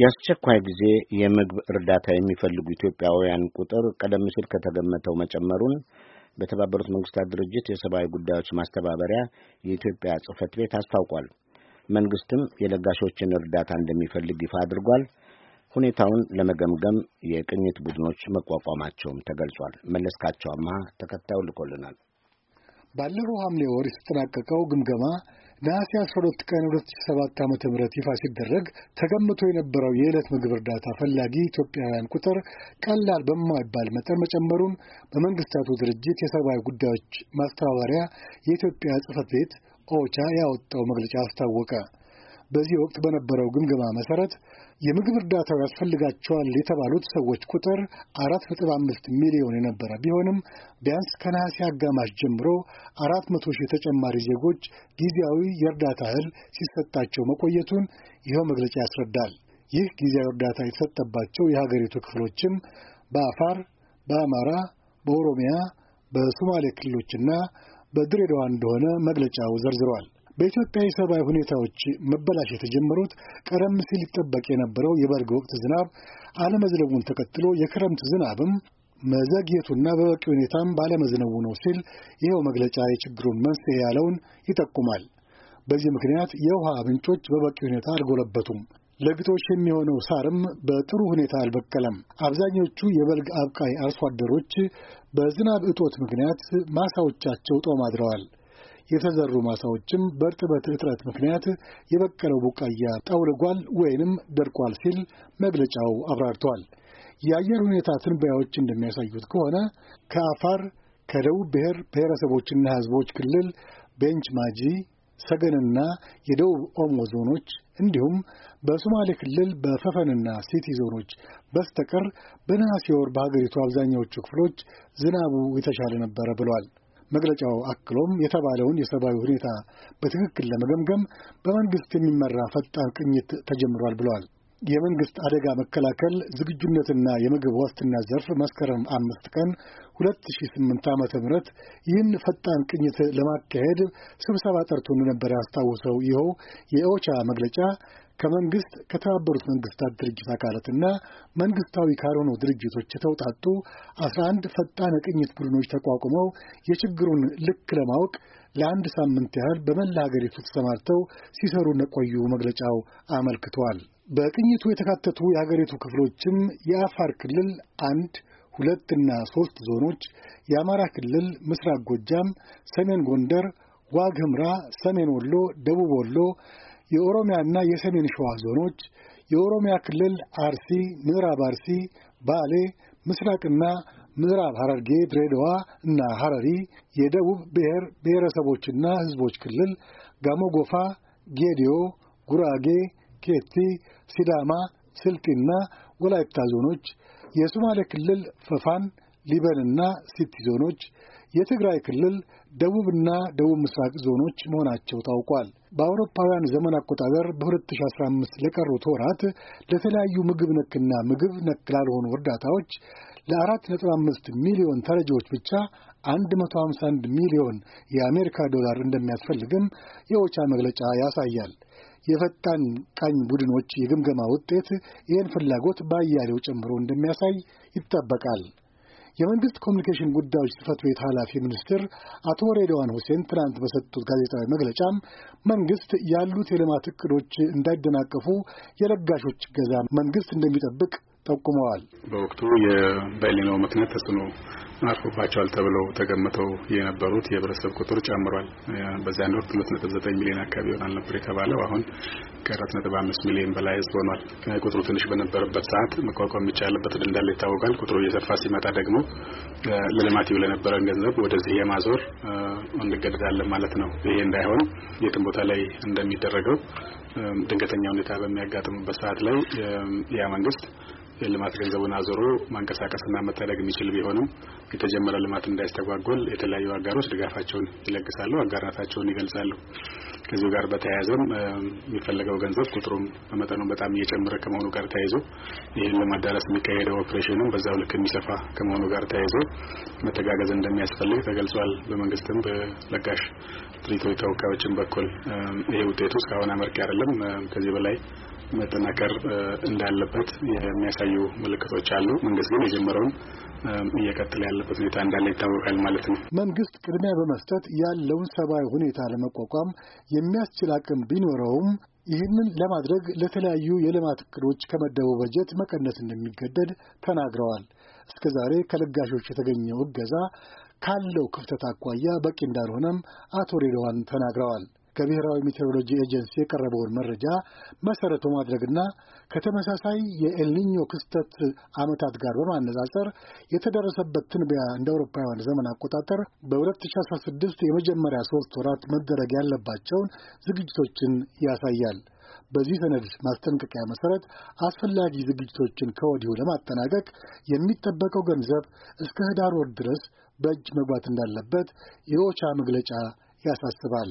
የአስቸኳይ ጊዜ የምግብ እርዳታ የሚፈልጉ ኢትዮጵያውያን ቁጥር ቀደም ሲል ከተገመተው መጨመሩን በተባበሩት መንግስታት ድርጅት የሰብአዊ ጉዳዮች ማስተባበሪያ የኢትዮጵያ ጽህፈት ቤት አስታውቋል። መንግስትም የለጋሾችን እርዳታ እንደሚፈልግ ይፋ አድርጓል። ሁኔታውን ለመገምገም የቅኝት ቡድኖች መቋቋማቸውም ተገልጿል። መለስካቸው አማሃ ተከታዩ ልኮልናል። ባለፈው ሐምሌ ወር የተጠናቀቀው ግምገማ ነሐሴ 12 ቀን 2007 ዓ ም ይፋ ሲደረግ ተገምቶ የነበረው የዕለት ምግብ እርዳታ ፈላጊ ኢትዮጵያውያን ቁጥር ቀላል በማይባል መጠን መጨመሩን በመንግስታቱ ድርጅት የሰብአዊ ጉዳዮች ማስተባበሪያ የኢትዮጵያ ጽህፈት ቤት ኦቻ ያወጣው መግለጫ አስታወቀ። በዚህ ወቅት በነበረው ግምገማ መሰረት። የምግብ እርዳታው ያስፈልጋቸዋል የተባሉት ሰዎች ቁጥር አራት ነጥብ አምስት ሚሊዮን የነበረ ቢሆንም ቢያንስ ከነሐሴ አጋማሽ ጀምሮ አራት መቶ ሺህ ተጨማሪ ዜጎች ጊዜያዊ የእርዳታ እህል ሲሰጣቸው መቆየቱን ይኸው መግለጫ ያስረዳል። ይህ ጊዜያዊ እርዳታ የተሰጠባቸው የሀገሪቱ ክፍሎችም በአፋር፣ በአማራ፣ በኦሮሚያ፣ በሶማሌ ክልሎችና በድሬዳዋ እንደሆነ መግለጫው ዘርዝሯል። በኢትዮጵያ የሰብአዊ ሁኔታዎች መበላሽ የተጀመሩት ቀደም ሲል ይጠበቅ የነበረው የበልግ ወቅት ዝናብ አለመዝነቡን ተከትሎ የክረምት ዝናብም መዘግየቱና በበቂ ሁኔታም ባለመዝነቡ ነው ሲል ይኸው መግለጫ የችግሩን መንስኤ ያለውን ይጠቁማል። በዚህ ምክንያት የውሃ ምንጮች በበቂ ሁኔታ አልጎለበቱም። ለግጦሽ የሚሆነው ሳርም በጥሩ ሁኔታ አልበቀለም። አብዛኞቹ የበልግ አብቃይ አርሶ አደሮች በዝናብ እጦት ምክንያት ማሳዎቻቸው ጦም አድረዋል። የተዘሩ ማሳዎችም በእርጥበት እጥረት ምክንያት የበቀለው ቡቃያ ጠውልጓል ወይንም ደርቋል ሲል መግለጫው አብራርቷል። የአየር ሁኔታ ትንበያዎች እንደሚያሳዩት ከሆነ ከአፋር፣ ከደቡብ ብሔር ብሔረሰቦችና ሕዝቦች ክልል ቤንች ማጂ፣ ሰገንና የደቡብ ኦሞ ዞኖች እንዲሁም በሶማሌ ክልል በፈፈንና ሲቲ ዞኖች በስተቀር በነሐሴ ወር በሀገሪቱ አብዛኛዎቹ ክፍሎች ዝናቡ የተሻለ ነበረ ብሏል። መግለጫው አክሎም የተባለውን የሰብአዊ ሁኔታ በትክክል ለመገምገም በመንግስት የሚመራ ፈጣን ቅኝት ተጀምሯል ብለዋል። የመንግስት አደጋ መከላከል ዝግጁነትና የምግብ ዋስትና ዘርፍ መስከረም አምስት ቀን 2008 ዓ ም ይህን ፈጣን ቅኝት ለማካሄድ ስብሰባ ጠርቶ እንደነበረ ያስታውሰው ይኸው የኦቻ መግለጫ ከመንግስት ከተባበሩት መንግስታት ድርጅት አካላትና መንግስታዊ ካልሆኑ ድርጅቶች የተውጣጡ አስራ አንድ ፈጣን የቅኝት ቡድኖች ተቋቁመው የችግሩን ልክ ለማወቅ ለአንድ ሳምንት ያህል በመላ ሀገሪቱ ተሰማርተው ሲሰሩ እንደቆዩ መግለጫው አመልክቷል። በቅኝቱ የተካተቱ የሀገሪቱ ክፍሎችም የአፋር ክልል አንድ ሁለትና ሶስት ዞኖች፣ የአማራ ክልል ምስራቅ ጎጃም፣ ሰሜን ጎንደር፣ ዋግ ሰሜን ወሎ፣ ደቡብ ወሎ የኦሮሚያና የሰሜን ሸዋ ዞኖች፣ የኦሮሚያ ክልል አርሲ፣ ምዕራብ አርሲ፣ ባሌ፣ ምስራቅና ምዕራብ ሐረርጌ፣ ድሬዳዋ እና ሐረሪ፣ የደቡብ ብሔር ብሔረሰቦችና ሕዝቦች ክልል ጋሞጎፋ፣ ጌዲዮ፣ ጉራጌ፣ ኬቲ፣ ሲዳማ፣ ስልጢና ወላይታ ዞኖች፣ የሶማሌ ክልል ፈፋን፣ ሊበንና ሲቲ ዞኖች የትግራይ ክልል ደቡብና ደቡብ ምስራቅ ዞኖች መሆናቸው ታውቋል። በአውሮፓውያን ዘመን አቆጣጠር በ2015 ለቀሩት ወራት ለተለያዩ ምግብ ነክና ምግብ ነክ ላልሆኑ እርዳታዎች ለ4.5 ሚሊዮን ተረጂዎች ብቻ 151 ሚሊዮን የአሜሪካ ዶላር እንደሚያስፈልግም የኦቻ መግለጫ ያሳያል። የፈጣን ቃኝ ቡድኖች የግምገማ ውጤት ይህን ፍላጎት በአያሌው ጨምሮ እንደሚያሳይ ይጠበቃል። የመንግስት ኮሚኒኬሽን ጉዳዮች ጽህፈት ቤት ኃላፊ ሚኒስትር አቶ ሬድዋን ሁሴን ትናንት በሰጡት ጋዜጣዊ መግለጫም መንግስት ያሉት የልማት እቅዶች እንዳይደናቀፉ የለጋሾች እገዛ መንግስት እንደሚጠብቅ ጠቁመዋል። በወቅቱ በኤልኒኖው ምክንያት ተጽዕኖ አርፎባቸዋል ተብለው ተገምተው የነበሩት የህብረተሰብ ቁጥር ጨምሯል። በዚያን ወቅት ሁለት ነጥብ ዘጠኝ ሚሊዮን አካባቢ ይሆናል ነበር የተባለው አሁን ከአራት ነጥብ አምስት ሚሊዮን በላይ ህዝብ ሆኗል። ቁጥሩ ትንሽ በነበረበት ሰዓት መቋቋም የሚቻልበት እንዳለ ይታወቃል። ቁጥሩ እየሰፋ ሲመጣ ደግሞ ለልማት ይውል የነበረን ገንዘብ ወደዚህ የማዞር እንገደዳለን ማለት ነው። ይሄ እንዳይሆን የትም ቦታ ላይ እንደሚደረገው ድንገተኛ ሁኔታ በሚያጋጥምበት ሰዓት ላይ ያ መንግስት የልማት ገንዘቡን አዞሮ ማንቀሳቀስና መታደግ የሚችል ቢሆንም የተጀመረ ልማት እንዳይስተጓጎል የተለያዩ አጋሮች ድጋፋቸውን ይለግሳሉ፣ አጋርነታቸውን ይገልጻሉ። ከዚሁ ጋር በተያያዘም የሚፈለገው ገንዘብ ቁጥሩም በመጠኑም በጣም እየጨመረ ከመሆኑ ጋር ተያይዞ ይህን ለማዳረስ የሚካሄደው ኦፕሬሽንም በዛው ልክ የሚሰፋ ከመሆኑ ጋር ተያይዞ መተጋገዝ እንደሚያስፈልግ ተገልጿል። በመንግስትም በለጋሽ ድርጅቶች ተወካዮችን በኩል ይሄ ውጤቱ እስካሁን አመርቂ አይደለም፣ ከዚህ በላይ መጠናከር እንዳለበት የሚያሳ የሚያሳዩ ምልክቶች አሉ። መንግስት ግን የጀመረውን እየቀጠለ ያለበት ሁኔታ እንዳለ ይታወቃል ማለት ነው። መንግስት ቅድሚያ በመስጠት ያለውን ሰብአዊ ሁኔታ ለመቋቋም የሚያስችል አቅም ቢኖረውም ይህንን ለማድረግ ለተለያዩ የልማት እቅዶች ከመደበው በጀት መቀነስ እንደሚገደድ ተናግረዋል። እስከ ዛሬ ከለጋሾች የተገኘው እገዛ ካለው ክፍተት አኳያ በቂ እንዳልሆነም አቶ ሬድዋን ተናግረዋል። ከብሔራዊ ሜትሮሎጂ ኤጀንሲ የቀረበውን መረጃ መሰረት በማድረግና ከተመሳሳይ የኤልኒኞ ክስተት ዓመታት ጋር በማነጻጸር የተደረሰበት ትንበያ እንደ አውሮፓውያን ዘመን አቆጣጠር በ2016 የመጀመሪያ ሶስት ወራት መደረግ ያለባቸውን ዝግጅቶችን ያሳያል። በዚህ ሰነድ ማስጠንቀቂያ መሰረት አስፈላጊ ዝግጅቶችን ከወዲሁ ለማጠናቀቅ የሚጠበቀው ገንዘብ እስከ ህዳር ወር ድረስ በእጅ መግባት እንዳለበት የኦቻ መግለጫ ያሳስባል።